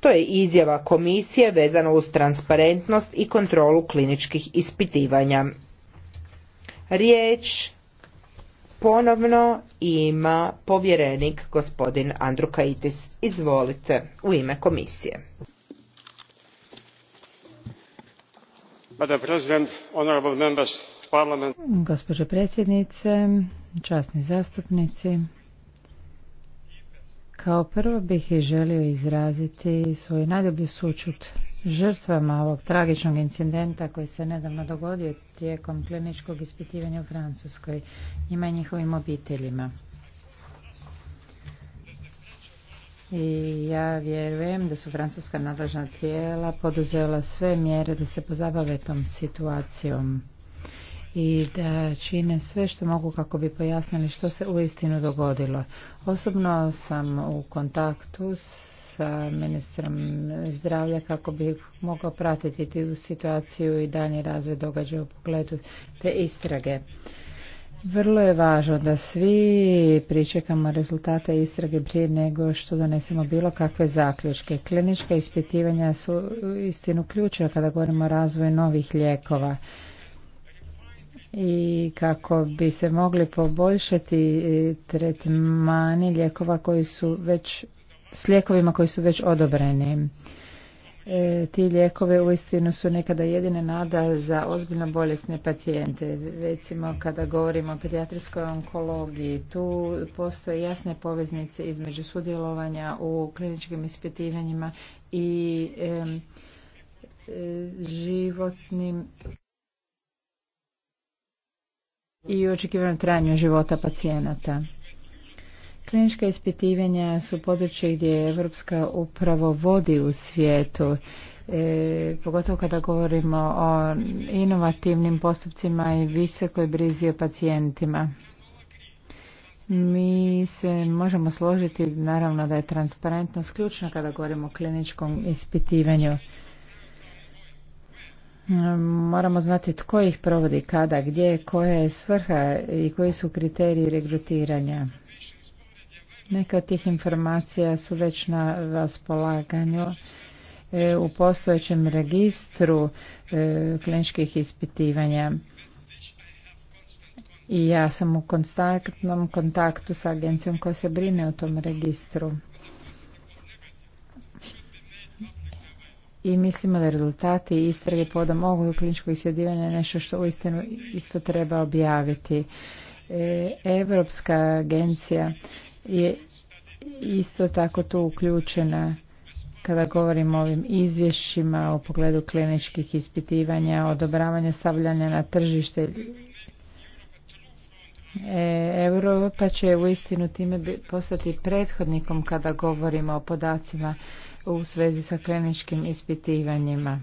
To je izjava komisije vezana uz transparentnost i kontrolu kliničkih ispitivanja. Riječ ponovno ima povjerenik gospodin Andrukaitis. Izvolite u ime komisije. Gospođo predsjednice, časni zastupnici, kao prvo bih i želio izraziti svoju najdublju sučut žrtvama ovog tragičnog incidenta koji se nedavno dogodio tijekom kliničkog ispitivanja u Francuskoj, njima i njihovim obiteljima. I ja vjerujem da su francuska nadležna tijela poduzela sve mjere da se pozabave tom situacijom i da čine sve što mogu kako bi pojasnili što se uistinu dogodilo. Osobno sam u kontaktu sa ministrom zdravlja kako bi mogao pratiti tu situaciju i dalji razvoj događaja u pogledu te istrage. Vrlo je važno da svi pričekamo rezultate istrage prije nego što donesemo bilo kakve zaključke. Klinička ispitivanja su istinu ključna kada govorimo o razvoju novih lijekova i kako bi se mogli poboljšati e, tretmani lijekova koji su već s lijekovima koji su već odobreni. E, ti lijekove uistinu su nekada jedine nada za ozbiljno bolesne pacijente. Recimo kada govorimo o pedijatrijskoj onkologiji, tu postoje jasne poveznice između sudjelovanja u kliničkim ispitivanjima i e, životnim i u očekivanom trajanju života pacijenata. Klinička ispitivanja su područje gdje Evropska upravo vodi u svijetu, e, pogotovo kada govorimo o inovativnim postupcima i visokoj brizi o pacijentima. Mi se možemo složiti, naravno da je transparentnost ključna kada govorimo o kliničkom ispitivanju. Moramo znati tko ih provodi, kada, gdje, koja je svrha i koji su kriteriji regrutiranja. Neka od tih informacija su već na raspolaganju e, u postojećem registru e, kliničkih ispitivanja. I ja sam u konstantnom kontaktu sa agencijom koja se brine o tom registru. i mislimo da rezultati istrage podom ovog kliničkog isjedivanja je nešto što uistinu isto treba objaviti. Europska agencija je isto tako tu uključena kada govorimo o ovim izvješćima u pogledu kliničkih ispitivanja, odobravanja stavljanja na tržište E, Europa će u istinu time postati prethodnikom kada govorimo o podacima u svezi sa kliničkim ispitivanjima.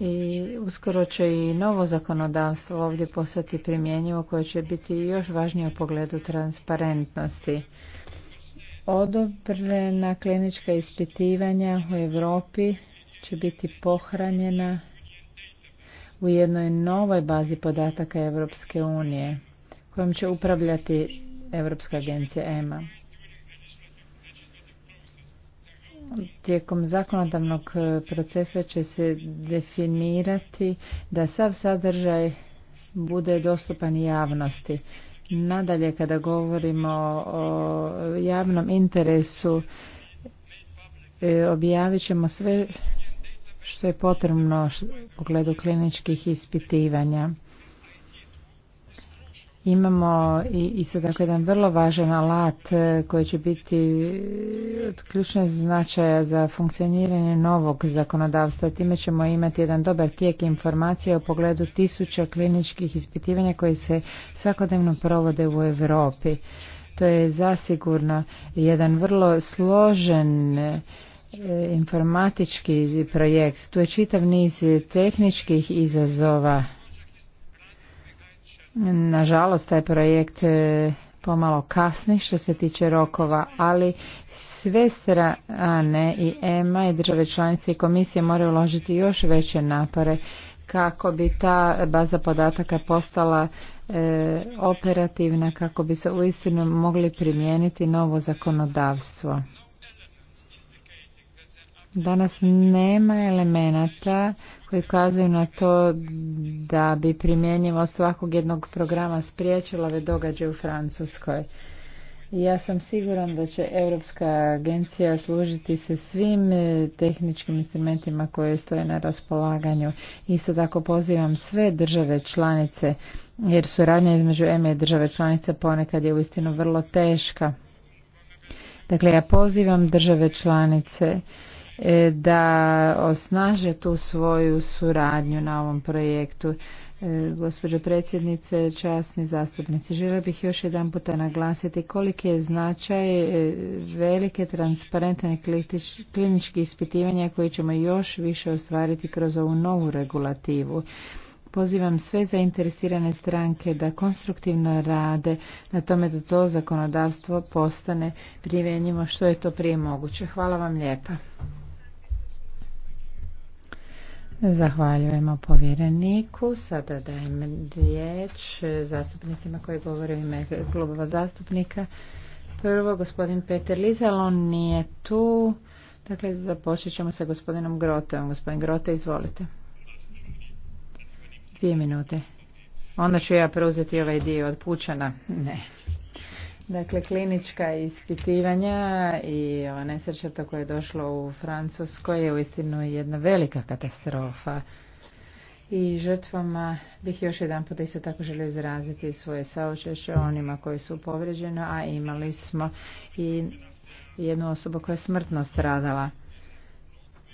I uskoro će i novo zakonodavstvo ovdje postati primjenjivo koje će biti još važnije u pogledu transparentnosti. Odobrena klinička ispitivanja u Europi će biti pohranjena u jednoj novoj bazi podataka Europske unije kojom će upravljati Europska agencija EMA. Tijekom zakonodavnog e, procesa će se definirati da sav sadržaj bude dostupan javnosti. Nadalje, kada govorimo o javnom interesu, e, objavit ćemo sve što je potrebno u pogledu kliničkih ispitivanja. Imamo i, i sad dakle, jedan vrlo važan alat e, koji će biti od ključnog značaja za funkcioniranje novog zakonodavstva. Time ćemo imati jedan dobar tijek informacija u pogledu tisuća kliničkih ispitivanja koji se svakodnevno provode u Europi. To je zasigurno jedan vrlo složen informatički projekt. Tu je čitav niz tehničkih izazova. Nažalost, taj projekt e, pomalo kasni što se tiče rokova, ali sve strane i EMA i države članice i komisije moraju uložiti još veće napore kako bi ta baza podataka postala e, operativna, kako bi se uistinu mogli primijeniti novo zakonodavstvo. Danas nema elemenata koji kazuju na to da bi primjenjivost svakog jednog programa spriječila ove događaje u Francuskoj. Ja sam siguran da će Europska agencija služiti se svim e, tehničkim instrumentima koje stoje na raspolaganju. Isto tako pozivam sve države članice, jer suradnja između EME i države članice ponekad je uistinu vrlo teška. Dakle, ja pozivam države članice E, da osnaže tu svoju suradnju na ovom projektu. E, gospođo predsjednice, časni zastupnici, žele bih još jedan puta naglasiti koliki je značaj e, velike transparentne kliničke ispitivanja koje ćemo još više ostvariti kroz ovu novu regulativu. Pozivam sve zainteresirane stranke da konstruktivno rade na tome da to zakonodavstvo postane primjenjivo što je to prije moguće. Hvala vam lijepa. Zahvaljujemo povjereniku. Sada dajem riječ zastupnicima koji govore u ime klubova zastupnika. Prvo, gospodin Peter Lizal, on nije tu. Dakle, započet ćemo sa gospodinom Grotevom. Gospodin Grote, izvolite. Dvije minute. Onda ću ja preuzeti ovaj dio od Pučana. Ne. Dakle, klinička ispitivanja i ova nesreća to koje je došlo u Francuskoj je uistinu jedna velika katastrofa. I žrtvama bih još jedan put isto tako želio izraziti svoje saočešće onima koji su povrijeđeni, a imali smo i jednu osobu koja je smrtno stradala.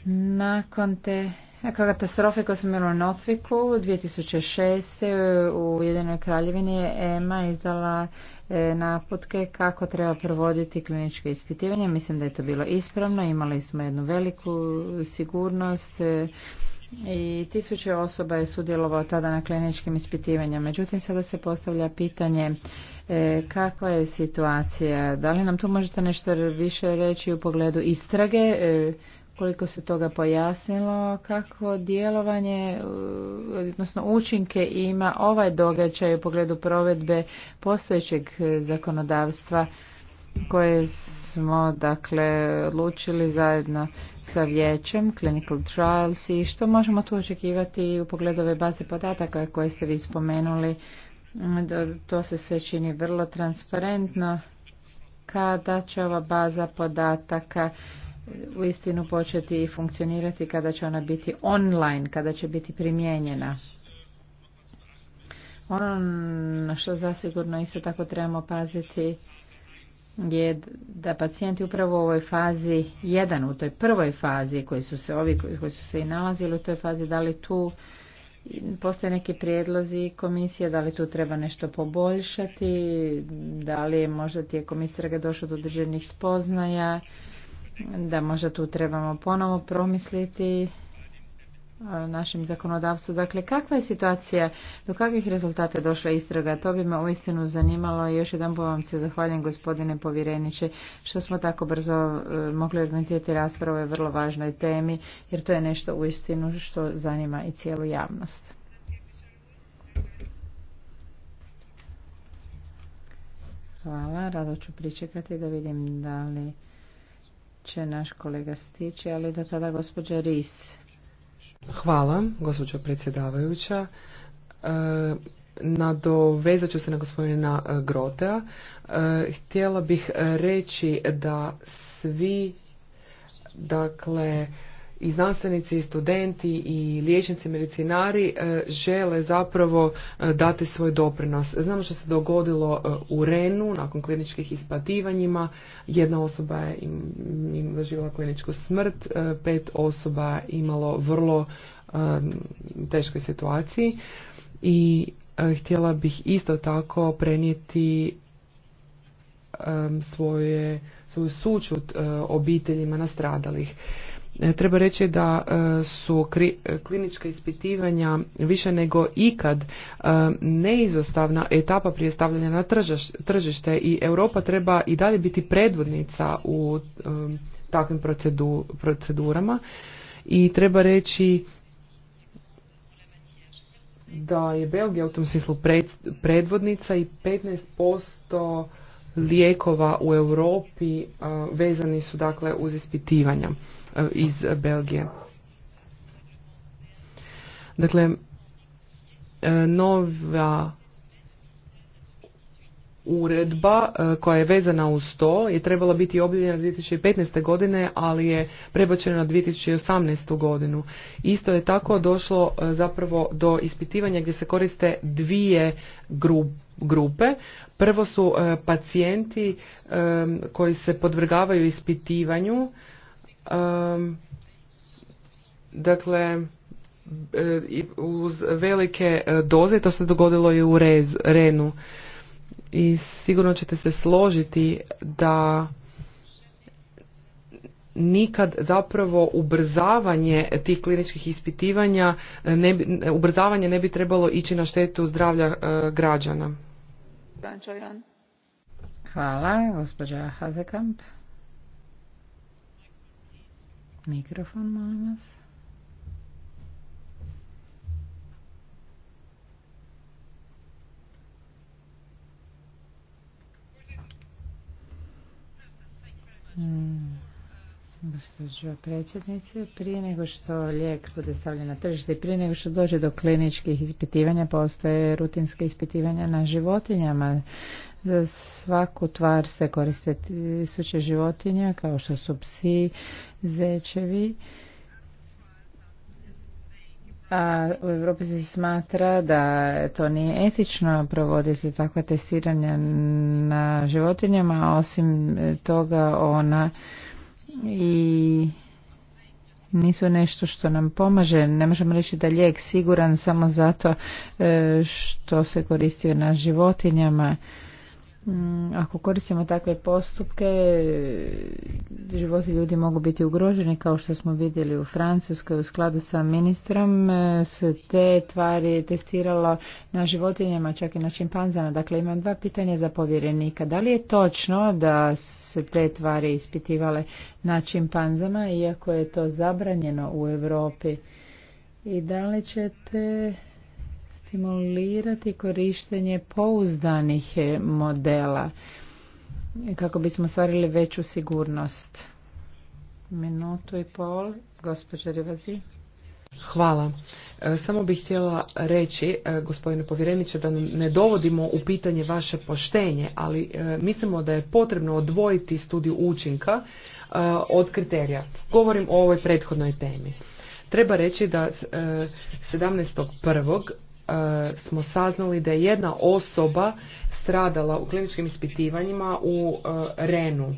Nakon te katastrofe koja smo imali u Notviku 2006. u Jedinoj kraljevini je EMA izdala e, naputke kako treba provoditi kliničke ispitivanje. Mislim da je to bilo ispravno. Imali smo jednu veliku sigurnost e, i tisuće osoba je sudjelovao tada na kliničkim ispitivanjima. Međutim, sada se postavlja pitanje e, kakva je situacija. Da li nam tu možete nešto više reći u pogledu istrage? koliko se toga pojasnilo, kako djelovanje, e, odnosno učinke ima ovaj događaj u pogledu provedbe postojećeg zakonodavstva koje smo dakle odlučili zajedno sa vijećem clinical trials i što možemo tu očekivati u pogledu ove baze podataka koje ste vi spomenuli to se sve čini vrlo transparentno kada će ova baza podataka uistinu početi funkcionirati kada će ona biti online, kada će biti primijenjena. Ono na što zasigurno isto tako trebamo paziti je da pacijenti upravo u ovoj fazi jedan, u toj prvoj fazi koji su se ovi koji su se i nalazili u toj fazi, da li tu postoje neki prijedlozi komisije, da li tu treba nešto poboljšati, da li je možda tijekom istrage došlo do određenih spoznaja, da možda tu trebamo ponovo promisliti našem zakonodavstvu. Dakle, kakva je situacija, do kakvih rezultata došla istraga? To bi me uistinu zanimalo i još jedan po vam se zahvaljujem gospodine povjereniče što smo tako brzo e, mogli organizirati raspravu o vrlo važnoj temi jer to je nešto uistinu što zanima i cijelu javnost. Hvala, rado ću pričekati da vidim da li će naš kolega stići, ali da tada gospođa Ris. Hvala, gospođo predsjedavajuća. E, nadovezat ću se na gospodina e, Grotea. E, htjela bih reći da svi, dakle, i znanstvenici i studenti i liječnici medicinari e, žele zapravo e, dati svoj doprinos. Znamo što se dogodilo e, u Renu nakon kliničkih ispativanjima. Jedna osoba je im doživjela kliničku smrt, pet osoba imalo vrlo teškoj situaciji i htjela bih isto tako prenijeti svoje, svoju sučut obiteljima nastradalih. E, treba reći da e, su e, klinička ispitivanja više nego ikad neizostavna etapa prije stavljanja na tržište i Europa treba i dalje biti predvodnica u takvim procedurama i treba reći da je Belgija u tom smislu predvodnica i 15% lijekova u Europi vezani su dakle uz ispitivanja iz Belgije. Dakle, nova uredba koja je vezana uz to je trebala biti objavljena 2015. godine, ali je prebačena na 2018. godinu. Isto je tako došlo zapravo do ispitivanja gdje se koriste dvije grupe grupe. Prvo su e, pacijenti e, koji se podvrgavaju ispitivanju. E, dakle, uz velike doze, to se dogodilo i u Renu. I sigurno ćete se složiti da nikad zapravo ubrzavanje tih kliničkih ispitivanja, ne bi, ubrzavanje ne bi trebalo ići na štetu zdravlja građana. Hvala, gospođa Hazekamp. Mikrofon, molim vas. Mm. Gospođo predsjednice, prije nego što lijek bude stavljen na tržište i prije nego što dođe do kliničkih ispitivanja, postoje rutinske ispitivanja na životinjama. Za svaku tvar se koriste tisuće životinja, kao što su psi, zečevi. A u Europi se smatra da to nije etično provoditi takva testiranja na životinjama, osim toga ona i nisu nešto što nam pomaže. Ne možemo reći da lijek siguran samo zato e, što se koristio na životinjama. Mm, ako koristimo takve postupke, životi ljudi mogu biti ugroženi, kao što smo vidjeli u Francuskoj u skladu sa ministrom, e, su te tvari testiralo na životinjama, čak i na čimpanzama. Dakle, imam dva pitanja za povjerenika. Da li je točno da se te tvari ispitivale na čimpanzama, iako je to zabranjeno u Europi? I da li ćete stimulirati korištenje pouzdanih modela kako bismo stvarili veću sigurnost. Minutu i pol, gospođa Rivazi. Hvala. E, samo bih htjela reći, e, gospodine povjereniče, da ne dovodimo u pitanje vaše poštenje, ali e, mislimo da je potrebno odvojiti studiju učinka od kriterija. Govorim o ovoj prethodnoj temi. Treba reći da 17.1. E, smo saznali da je jedna osoba stradala u kliničkim ispitivanjima u e, Renu.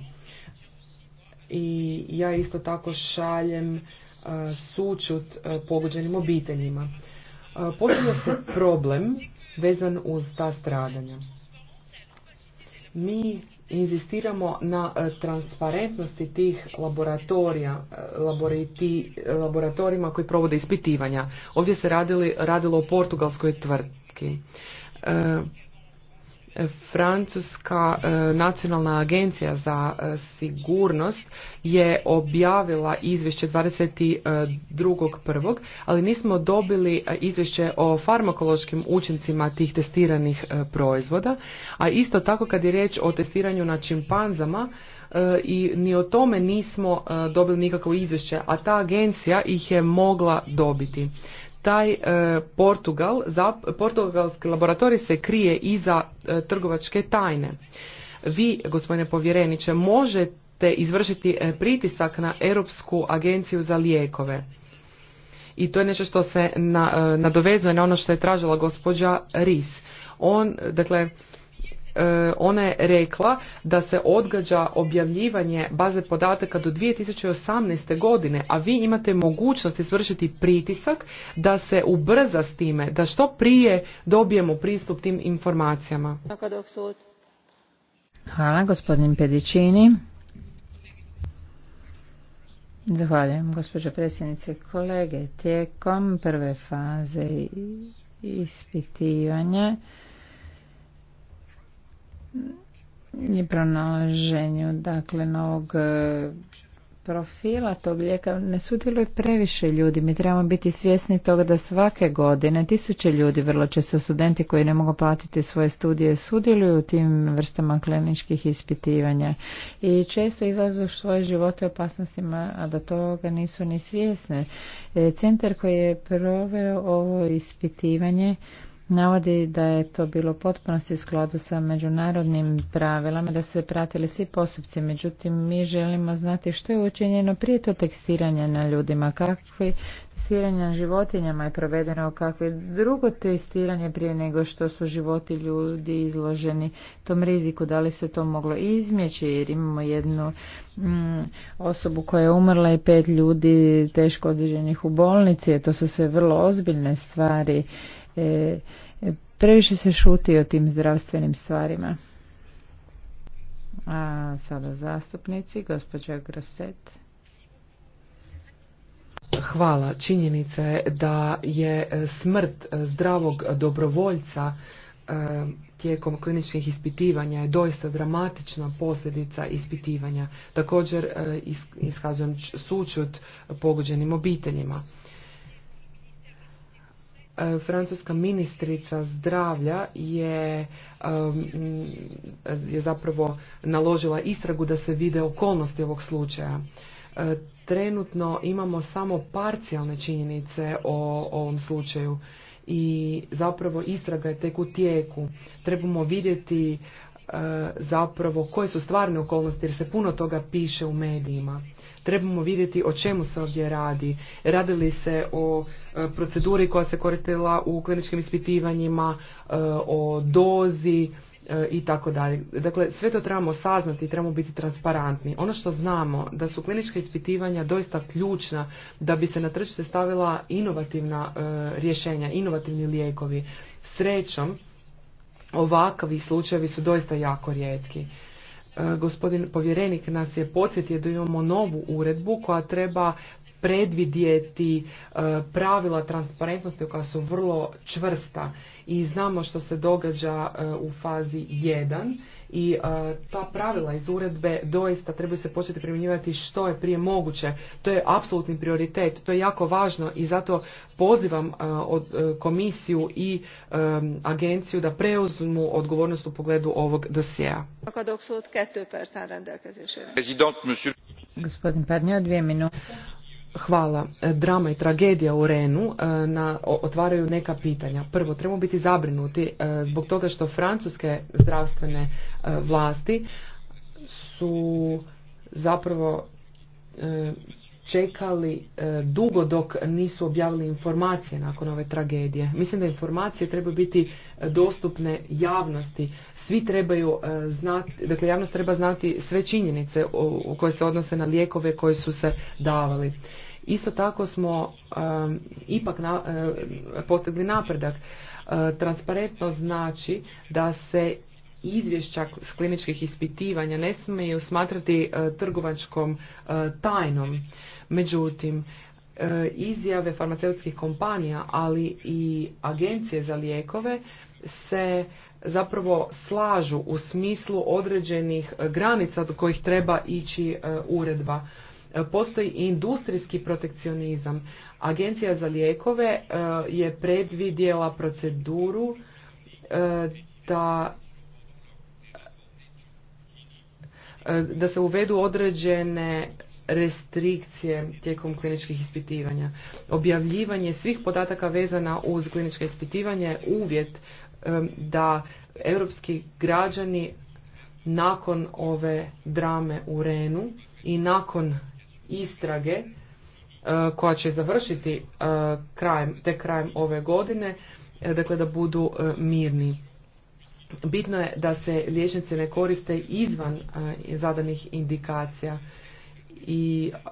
I ja isto tako šaljem e, sučut pogođenim obiteljima. Posljedno se problem vezan uz ta stradanja. Mi inzistiramo na e, transparentnosti tih laboratorija, e, laboriti, e, laboratorijima koji provode ispitivanja. Ovdje se radili, radilo o portugalskoj tvrtki. Francuska e, nacionalna agencija za e, sigurnost je objavila izvješće 22.1. ali nismo dobili e, izvješće o farmakološkim učincima tih testiranih proizvoda, a isto tako kad je riječ o testiranju na čimpanzama i ni o tome nismo dobili nikakvo izvješće, a ta agencija ih je mogla dobiti taj e, Portugal, za, portugalski laboratorij se krije iza e, trgovačke tajne. Vi, gospodine povjereniče, možete izvršiti e, pritisak na Europsku agenciju za lijekove. I to je nešto što se na, nadovezuje na ono što je tražila gospođa Ris. On, dakle, E, ona je rekla da se odgađa objavljivanje baze podataka do 2018. godine, a vi imate mogućnost izvršiti pritisak da se ubrza s time, da što prije dobijemo pristup tim informacijama. Hvala, gospodin Zahvaljujem, gospođo predsjednice. Kolege, tijekom prve faze ispitivanja i pronalaženju dakle novog e, profila tog lijeka ne sudjeluje previše ljudi. Mi trebamo biti svjesni toga da svake godine tisuće ljudi, vrlo često studenti koji ne mogu platiti svoje studije, sudjeluju u tim vrstama kliničkih ispitivanja i često u svoje živote opasnostima, a da toga nisu ni svjesne. E, centar koji je proveo ovo ispitivanje navodi da je to bilo potpunosti u skladu sa međunarodnim pravilama, da se pratili svi postupci. Međutim, mi želimo znati što je učinjeno prije to tekstiranja na ljudima, kakvi testiranja na životinjama je provedeno, kakvi drugo testiranje prije nego što su životi ljudi izloženi tom riziku, da li se to moglo izmjeći jer imamo jednu mm, osobu koja je umrla i pet ljudi teško određenih u bolnici, to su sve vrlo ozbiljne stvari E, previše se šuti o tim zdravstvenim stvarima. A sada zastupnici, gospođa Groset. Hvala. Činjenica je da je e, smrt e, zdravog dobrovoljca e, tijekom kliničkih ispitivanja je doista dramatična posljedica ispitivanja. Također iskazujem sučut pogođenim obiteljima. E, francuska ministrica zdravlja je, je zapravo naložila istragu da se vide okolnosti ovog slučaja. E, trenutno imamo samo parcijalne činjenice o ovom slučaju i zapravo istraga je tek u tijeku. Trebamo vidjeti e, zapravo koje su stvarne okolnosti jer se puno toga piše u medijima trebamo vidjeti o čemu se ovdje radi. Radi li se o e, proceduri koja se koristila u kliničkim ispitivanjima, e, o dozi e, i tako dalje. Dakle, sve to trebamo saznati i trebamo biti transparentni. Ono što znamo da su klinička ispitivanja doista ključna da bi se na tržište stavila inovativna rješenja, inovativni lijekovi. Srećom, ovakvi slučajevi su doista jako rijetki. E, gospodin povjerenik nas je podsjetio da imamo novu uredbu koja treba predvidjeti e, pravila transparentnosti koja su vrlo čvrsta i znamo što se događa e, u fazi 1 i e, ta pravila iz uredbe doista trebaju se početi primjenjivati što je prije moguće. To je apsolutni prioritet, to je jako važno i zato pozivam e, od e, komisiju i agenciju da preuzmu odgovornost u pogledu ovog dosjea. Gospodin Pernio, dvije minute. Hvala. E, drama i tragedija u Renu e, na, otvaraju neka pitanja. Prvo, trebamo biti zabrinuti e, zbog toga što francuske zdravstvene vlasti su zapravo čekali e, dugo dok nisu objavili informacije nakon ove tragedije. Mislim da informacije trebaju biti e, dostupne javnosti. Svi trebaju e, znati, dakle javnost treba znati sve činjenice koje se odnose na lijekove koje su se davali. Isto tako smo ipak na, postigli napredak. transparentnost znači da se izvješća s kliničkih ispitivanja ne smiju smatrati e, trgovačkom e, tajnom. Međutim, e, izjave farmaceutskih kompanija, ali i agencije za lijekove se zapravo slažu u smislu određenih granica do kojih treba ići uredba. Postoji i industrijski protekcionizam. Agencija za lijekove je predvidjela proceduru da E, da se uvedu određene restrikcije tijekom kliničkih ispitivanja. Objavljivanje svih podataka vezana uz klinička ispitivanja je uvjet e, da europski građani nakon ove drame u Renu i nakon istrage e, koja će završiti krajem, te krajem ove godine, dakle da budu mirni bitno je da se liječnici ne koriste izvan e, zadanih indikacija i e,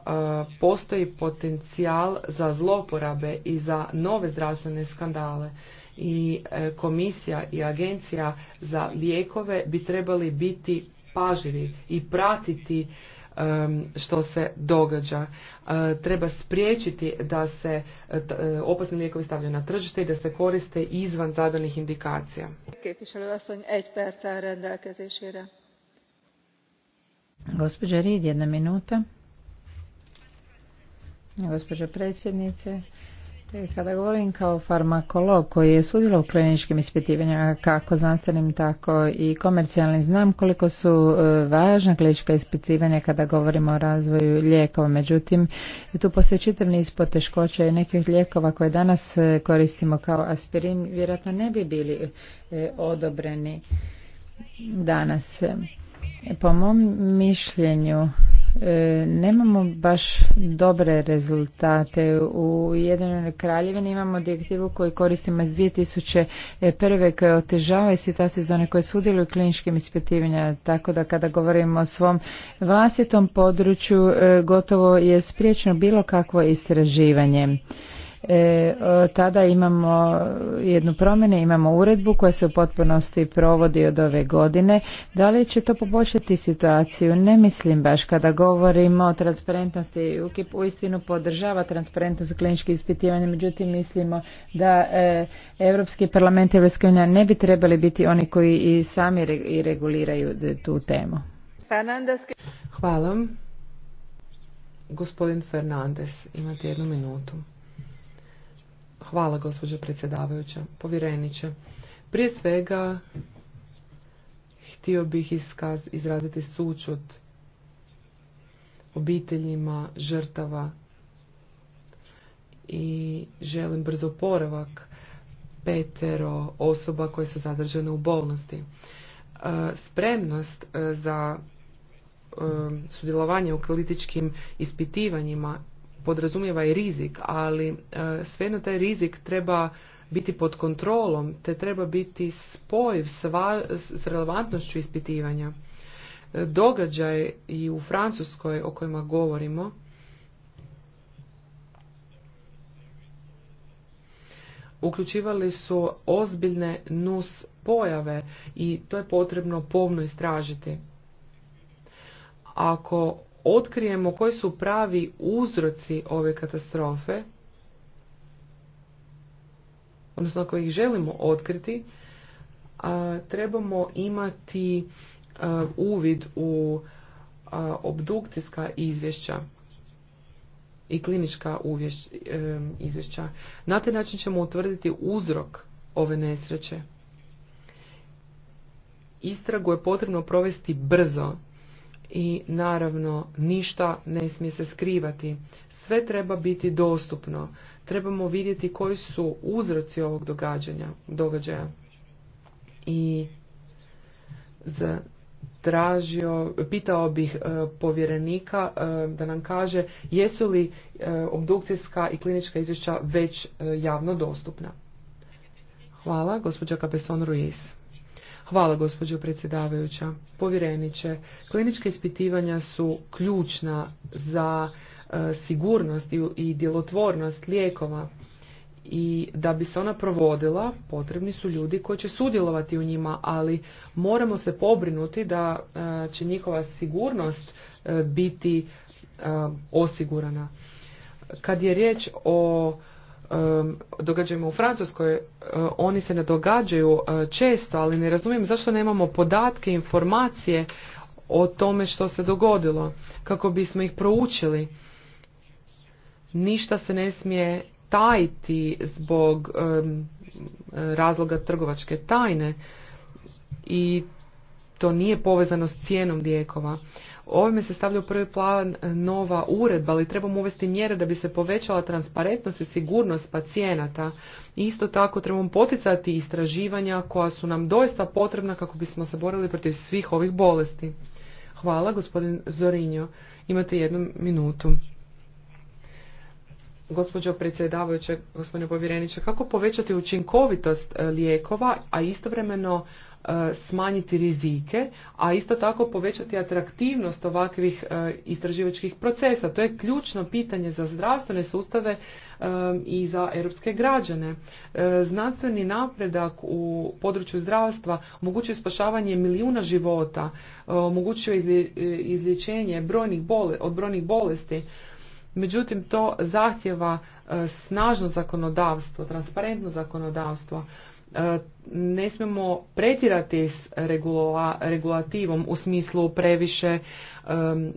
postoji potencijal za zloporabe i za nove zdravstvene skandale i e, komisija i agencija za lijekove bi trebali biti pažljivi i pratiti što se događa. E, treba spriječiti da se e, e, opasni lijekovi stavljaju na tržište i da se koriste izvan zadanih indikacija. Gospođa Rid, jedna minuta. Gospođo predsjednice, E, kada govorim kao farmakolog koji je sudjelo u kliničkim ispitivanjima kako znanstvenim tako i komercijalnim, znam koliko su e, važna klinička ispitivanja kada govorimo o razvoju lijekova. Međutim, tu postoji čitav niz poteškoća i nekih lijekova koje danas e, koristimo kao aspirin vjerojatno ne bi bili odobreni danas. Po mom mišljenju E, nemamo baš dobre rezultate. U Jedinoj kraljevini imamo direktivu koju koristimo iz 2001. koja otežava i situacije za one koje sudjeluju u kliničkim ispitivanjima. Tako da kada govorimo o svom vlastitom području e, gotovo je spriječeno bilo kakvo istraživanje. E, e, tada imamo jednu promjenu, imamo uredbu koja se u potpunosti provodi od ove godine. Da li će to poboljšati situaciju? Ne mislim baš kada govorimo o transparentnosti. UKIP uistinu podržava transparentnost kliničkih ispitivanja, međutim mislimo da e, Europski parlament i unije unija ne bi trebali biti oni koji i sami i reguliraju tu temu. Hvala. Gospodin Fernandez, imate jednu minutu. Hvala, gospođo predsjedavajuća, povjereniče. Prije svega, htio bih iskaz, izraziti sučut obiteljima žrtava i želim brzo poravak petero osoba koje su zadržane u bolnosti. E, spremnost e, za e, sudjelovanje u kvalitičkim ispitivanjima podrazumijeva i rizik, ali e, svejedno taj rizik treba biti pod kontrolom, te treba biti spoj s relevantnošću ispitivanja. E, događaj i u Francuskoj o kojima govorimo, uključivali su ozbiljne nus pojave i to je potrebno pomno istražiti. Ako otkrijemo koji su pravi uzroci ove katastrofe, odnosno ako ih želimo otkriti, a, trebamo imati uvid u a, obdukcijska izvješća i klinička izvješća. Na taj način ćemo utvrditi uzrok ove nesreće. Istragu je potrebno provesti brzo i naravno ništa ne smije se skrivati. Sve treba biti dostupno. Trebamo vidjeti koji su uzroci ovog događanja, događaja. I zatražio, pitao bih e, povjerenika e, da nam kaže jesu li e, obdukcijska i klinička izvješća već javno dostupna. Hvala, gospođa Capeson Ruiz. Hvala, gospođo predsjedavajuća. Povjereniče, klinička ispitivanja su ključna za e, sigurnost i, djelotvornost lijekova i da bi se ona provodila potrebni su ljudi koji će sudjelovati u njima, ali moramo se pobrinuti da e, će njihova sigurnost e, biti osigurana. Kad je riječ o događajima u Francuskoj, oni se ne događaju često, ali ne razumijem zašto nemamo podatke, informacije o tome što se dogodilo, kako bismo ih proučili. Ništa se ne smije tajiti zbog razloga trgovačke tajne i to nije povezano s cijenom lijekova. Ovime se stavlja u prvi plan e, nova uredba, ali trebamo uvesti mjere da bi se povećala transparentnost i sigurnost pacijenata. Isto tako trebamo poticati istraživanja koja su nam doista potrebna kako bismo se borili protiv svih ovih bolesti. Hvala, gospodin Zorinjo. Imate jednu minutu. Gospođo predsjedavajuće, gospodine povjereniče, kako povećati učinkovitost e, lijekova, a istovremeno E, smanjiti rizike, a isto tako povećati atraktivnost ovakvih e, istraživačkih procesa. To je ključno pitanje za zdravstvene sustave e, i za europske građane. Znanstveni napredak u području zdravstva omogućuje spašavanje milijuna života, omogućuje izlječenje od brojnih bolesti, Međutim, to zahtjeva snažno zakonodavstvo, transparentno zakonodavstvo. E, ne smemo pretirati s regulativom u smislu previše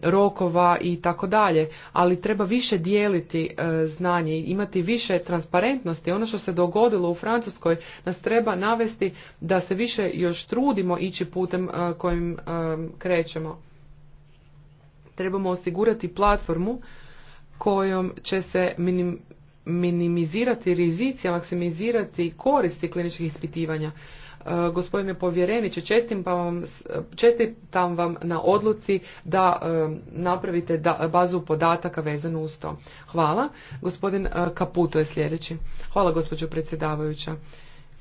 rokova i tako dalje, ali treba više dijeliti e, znanje i imati više transparentnosti. Ono što se dogodilo u Francuskoj nas treba navesti da se više još trudimo ići putem e, kojim krećemo. Trebamo osigurati platformu kojom će se minim, minimizirati rizici, maksimizirati koristi kliničkih ispitivanja. E, gospodine povjereniče, pa e, čestitam vam na odluci da e, napravite bazu podataka vezanu uz to. Hvala. Gospodin Kaputo je sljedeći. Hvala gospođo predsjedavajuća.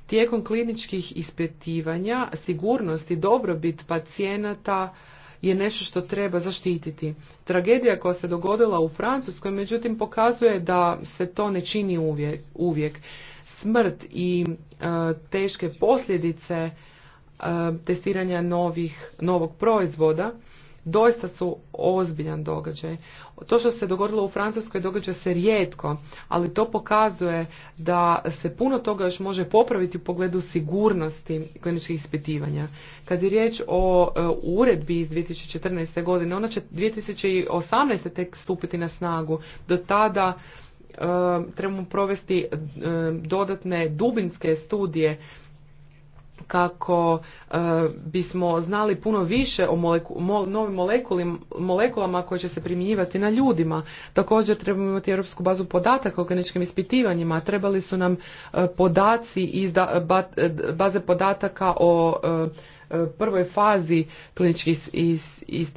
Tijekom kliničkih ispitivanja sigurnost i dobrobit pacijenata je nešto što treba zaštititi. Tragedija koja se dogodila u Francuskoj, međutim, pokazuje da se to ne čini uvijek. Smrt i e, teške posljedice e, testiranja novih, novog proizvoda doista su ozbiljan događaj. To što se dogodilo u Francuskoj događa se rijetko, ali to pokazuje da se puno toga još može popraviti u pogledu sigurnosti kliničkih ispitivanja. Kad je riječ o e, uredbi iz 2014. godine, ona će 2018. tek stupiti na snagu. Do tada e, trebamo provesti e, dodatne dubinske studije kako e, bismo znali puno više o novim molekulama koje će se primjenjivati na ljudima. Također trebamo imati europsku bazu podataka o kliničkim ispitivanjima. Trebali su nam e, podaci iz e, baze podataka o prvoj fazi kliničkih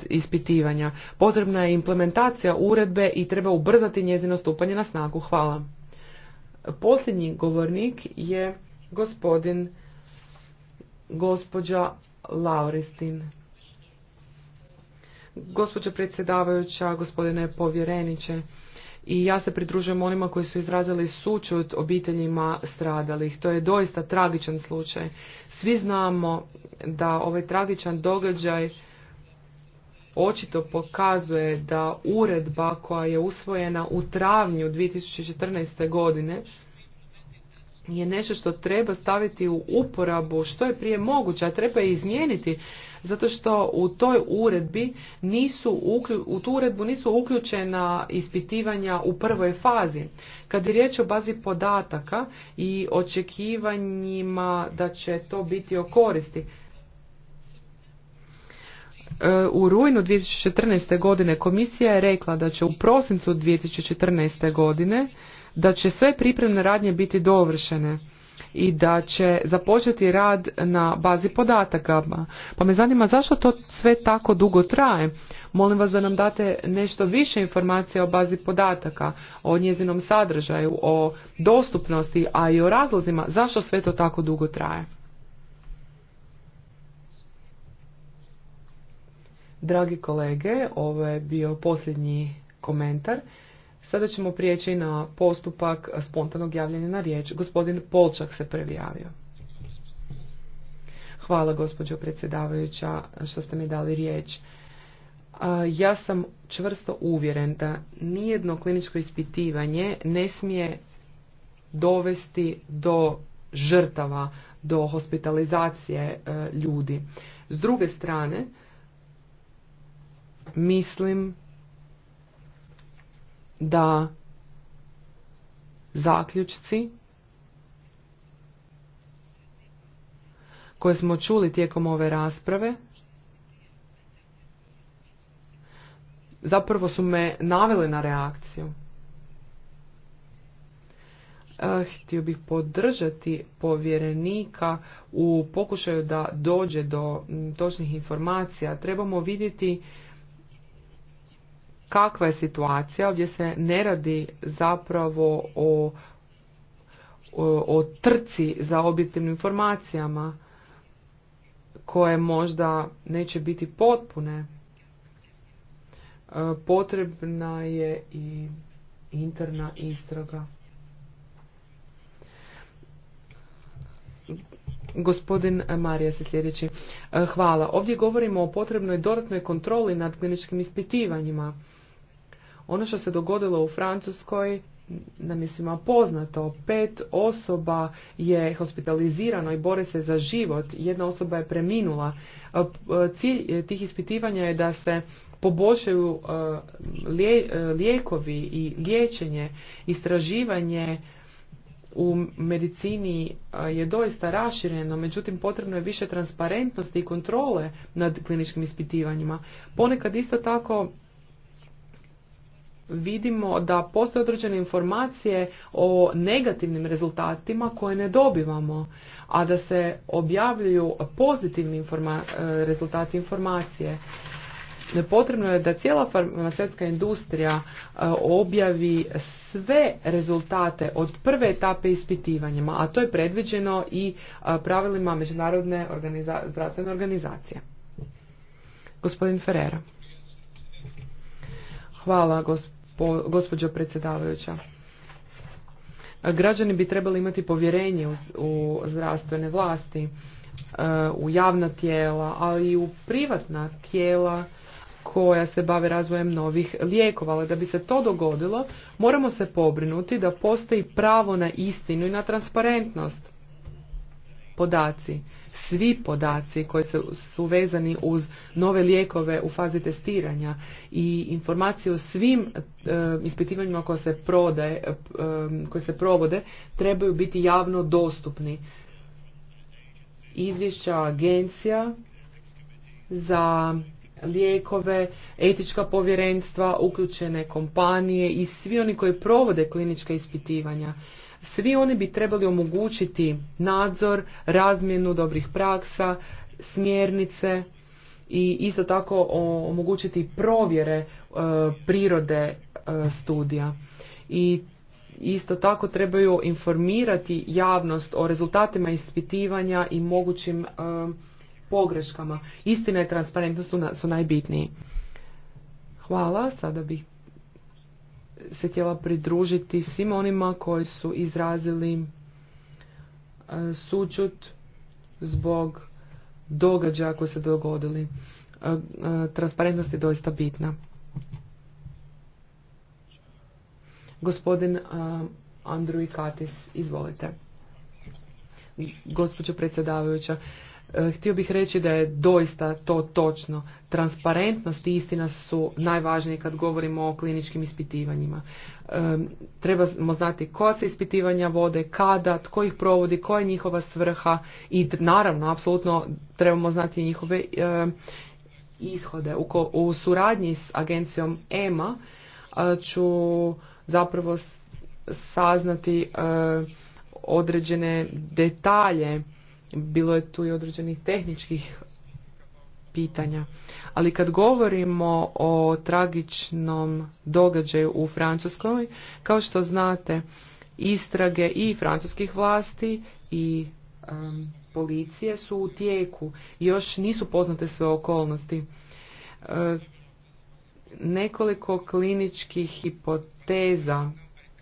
ispitivanja. Potrebna je implementacija uredbe i treba ubrzati njezino stupanje na snagu. Hvala. Posljednji govornik je gospodin Gospođa Lauristin. Gospođa predsjedavajuća, gospodine povjereniče, i ja se pridružujem onima koji su izrazili sućut obiteljima stradalih. To je doista tragičan slučaj. Svi znamo da ovaj tragičan događaj očito pokazuje da uredba koja je usvojena u travnju 2014. godine je nešto što treba staviti u uporabu što je prije moguće, a treba je izmijeniti zato što u toj uredbi nisu u tu uredbu nisu uključena ispitivanja u prvoj fazi. Kad je riječ o bazi podataka i očekivanjima da će to biti o koristi, e, u rujnu 2014. godine komisija je rekla da će u prosincu 2014. godine da će sve pripremne radnje biti dovršene i da će započeti rad na bazi podataka. Pa me zanima zašto to sve tako dugo traje. Molim vas da nam date nešto više informacija o bazi podataka, o njezinom sadržaju, o dostupnosti, a i o razlozima zašto sve to tako dugo traje. Dragi kolege, ovo je bio posljednji komentar. Sada ćemo prijeći na postupak spontanog javljanja na riječ. Gospodin Polčak se prvi Hvala gospođo predsjedavajuća što ste mi dali riječ. Ja sam čvrsto uvjeren da nijedno kliničko ispitivanje ne smije dovesti do žrtava, do hospitalizacije e, ljudi. S druge strane, mislim da zaključci koje smo čuli tijekom ove rasprave zapravo su me naveli na reakciju. E, htio bih podržati povjerenika u pokušaju da dođe do točnih informacija. Trebamo vidjeti kakva je situacija. Ovdje se ne radi zapravo o, o, trci za objektivnim informacijama koje možda neće biti potpune. E, potrebna je i interna istraga. Gospodin Marija se sljedeći. E, hvala. Ovdje govorimo o potrebnoj dodatnoj kontroli nad kliničkim ispitivanjima. Ono što se dogodilo u Francuskoj nam je poznato. Pet osoba je hospitalizirano i bore se za život. Jedna osoba je preminula. E, cilj tih ispitivanja je da se poboljšaju e, e, lijekovi i liječenje, istraživanje u medicini je doista rašireno, međutim potrebno je više transparentnosti i kontrole nad kliničkim ispitivanjima. Ponekad isto tako vidimo da postoje određene informacije o negativnim rezultatima koje ne dobivamo, a da se objavljuju pozitivni e, rezultati informacije. Potrebno je da cijela farmaceutska industrija e, objavi sve rezultate od prve etape ispitivanjima, a to je predviđeno i e, pravilima Međunarodne zdravstvene organizacije. Gospodin Ferrera. Hvala, gospodin gospođo predsjedavajuća. Građani bi trebali imati povjerenje u, u zdravstvene vlasti, e, u javna tijela, ali i u privatna tijela koja se bave razvojem novih lijekova. Ali da bi se to dogodilo, moramo se pobrinuti da postoji pravo na istinu i na transparentnost podaci, svi podaci koji su vezani uz nove lijekove u fazi testiranja i informacije o svim e, ispitivanjima koje se, e, koje se provode trebaju biti javno dostupni. Izvješća agencija za lijekove, etička povjerenstva, uključene kompanije i svi oni koji provode klinička ispitivanja svi oni bi trebali omogućiti nadzor, razmjenu dobrih praksa, smjernice i isto tako omogućiti provjere e, prirode e, studija. I isto tako trebaju informirati javnost o rezultatima ispitivanja i mogućim e, pogreškama. Istina i transparentnost su, na, su najbitniji. Hvala, sada bih se htjela pridružiti svim onima koji su izrazili e, sučut zbog događaja koji su dogodili. E, e, transparentnost je doista bitna. Gospodin Andruj Katis, izvolite. Gospođo predsjedavajuća, E, htio bih reći da je doista to točno. Transparentnost i istina su najvažnije kad govorimo o kliničkim ispitivanjima. E, trebamo znati koja se ispitivanja vode, kada, tko ih provodi, koja je njihova svrha i naravno, apsolutno trebamo znati njihove e, ishode. U, suradnji s agencijom EMA ću zapravo saznati određene detalje bilo je tu i određenih tehničkih pitanja. Ali kad govorimo o tragičnom događaju u Francuskoj, kao što znate, istrage i francuskih vlasti i policije su u tijeku. Još nisu poznate sve okolnosti. E, nekoliko kliničkih hipoteza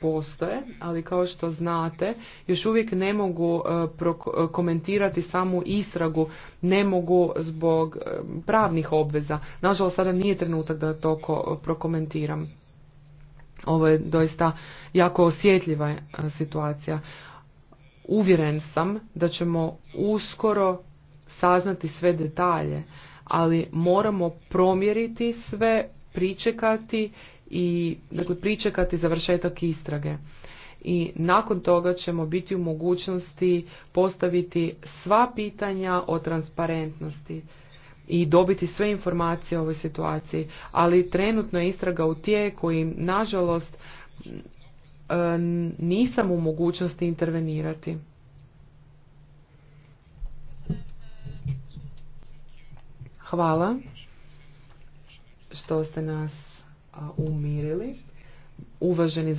postoje, ali kao što znate, još uvijek ne mogu e, e, komentirati samu istragu, ne mogu zbog e, pravnih obveza. Nažalost, sada nije trenutak da to prokomentiram. Ovo je doista jako osjetljiva situacija. Uvjeren sam da ćemo uskoro saznati sve detalje, ali moramo promjeriti sve, pričekati i dakle, pričekati završetak istrage. I nakon toga ćemo biti u mogućnosti postaviti sva pitanja o transparentnosti i dobiti sve informacije o ovoj situaciji. Ali trenutno je istraga u tijeku i nažalost nisam u mogućnosti intervenirati. Hvala što ste nas umirili. Uvaženi